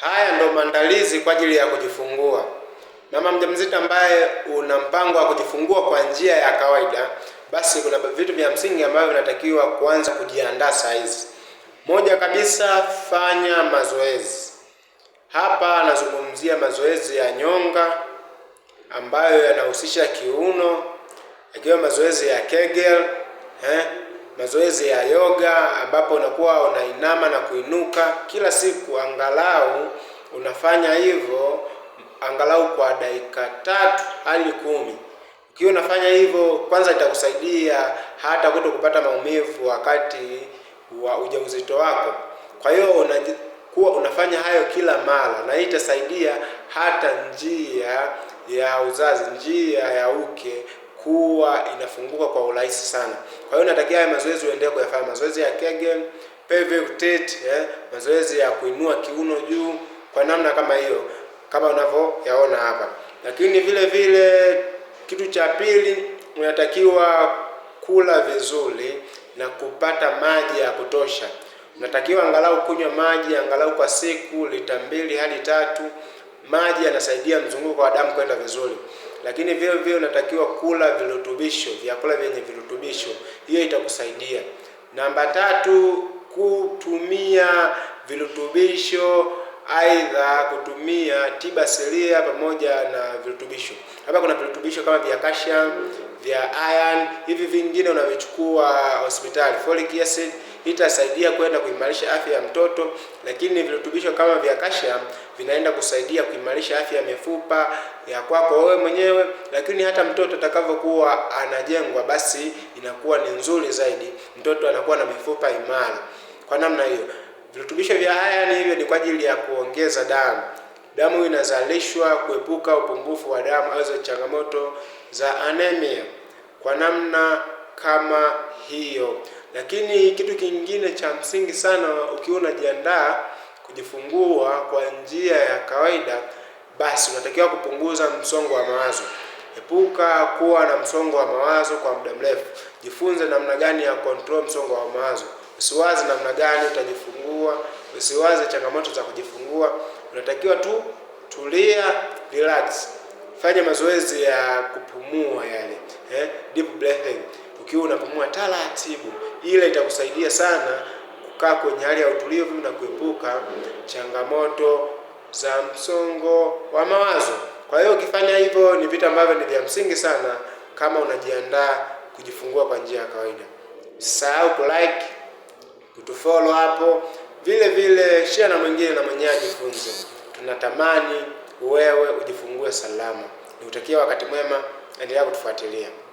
Haya ndo maandalizi kwa ajili ya kujifungua. Mama mjamzito ambaye una mpango wa kujifungua kwa njia ya kawaida, basi kuna vitu vya msingi ambavyo vinatakiwa kuanza kujiandaa saizi Moja kabisa, fanya mazoezi. Hapa anazungumzia mazoezi ya nyonga ambayo yanahusisha kiuno, yakiwa mazoezi ya Kegel eh? mazoezi ya yoga ambapo unakuwa unainama na kuinuka kila siku, angalau unafanya hivyo angalau kwa dakika tatu hadi kumi. Ukiwa unafanya hivyo, kwanza itakusaidia hata kuto kupata maumivu wakati wa ujauzito wako. Kwa hiyo unakuwa unafanya hayo kila mara, na hii itasaidia hata njia ya uzazi, njia ya uke huwa inafunguka kwa urahisi sana. Kwa hiyo natakia haya mazoezi uendelee kuyafanya, mazoezi ya Kegel, pelvic tilt, eh, mazoezi ya kuinua kiuno juu kwa namna kama hiyo kama unavyoyaona hapa. Lakini vile vile kitu cha pili unatakiwa kula vizuri na kupata maji ya kutosha. Unatakiwa angalau kunywa maji angalau kwa siku lita mbili hadi tatu maji yanasaidia mzunguko wa damu kwenda vizuri, lakini vile vile unatakiwa kula virutubisho, vyakula vyenye virutubisho, hiyo itakusaidia. Namba tatu, kutumia virutubisho aidha kutumia tiba asilia pamoja na virutubisho. Hapa kuna virutubisho kama vya calcium, vya iron, hivi vingine unavichukua hospitali. Folic acid itasaidia kwenda kuimarisha afya ya mtoto, lakini virutubisho kama vya calcium vinaenda kusaidia kuimarisha afya ya mifupa ya kwako wewe mwenyewe, lakini hata mtoto atakavyokuwa anajengwa, basi inakuwa ni nzuri zaidi, mtoto anakuwa na mifupa imara. Kwa namna hiyo virutubisho vya iron hivyo ni kwa ajili ya kuongeza damu. Damu inazalishwa kuepuka upungufu wa damu au changamoto za anemia kwa namna kama hiyo. Lakini kitu kingine cha msingi sana ukiwa unajiandaa kujifungua kwa njia ya kawaida, basi unatakiwa kupunguza msongo wa mawazo. Epuka kuwa na msongo wa mawazo kwa muda mrefu. Jifunze namna gani ya control msongo wa mawazo. Usiwaze namna gani utajifungua, usiwaze changamoto za kujifungua. Unatakiwa tu tulia, relax, fanya mazoezi ya kupumua yale, eh, deep breathing, ukiwa unapumua taratibu. Ile itakusaidia sana kukaa kwenye hali ya utulivu na kuepuka changamoto za msongo wa mawazo. Kwa hiyo ukifanya hivyo, ni vitu ambavyo ni vya msingi sana kama unajiandaa kujifungua kwa njia ya kawaida. Usisahau kulike, kutufollow hapo, vile vile share na mwingine na mwenyewe ajifunze. Tunatamani wewe ujifungue salama. Nikutakia wakati mwema, endelea kutufuatilia.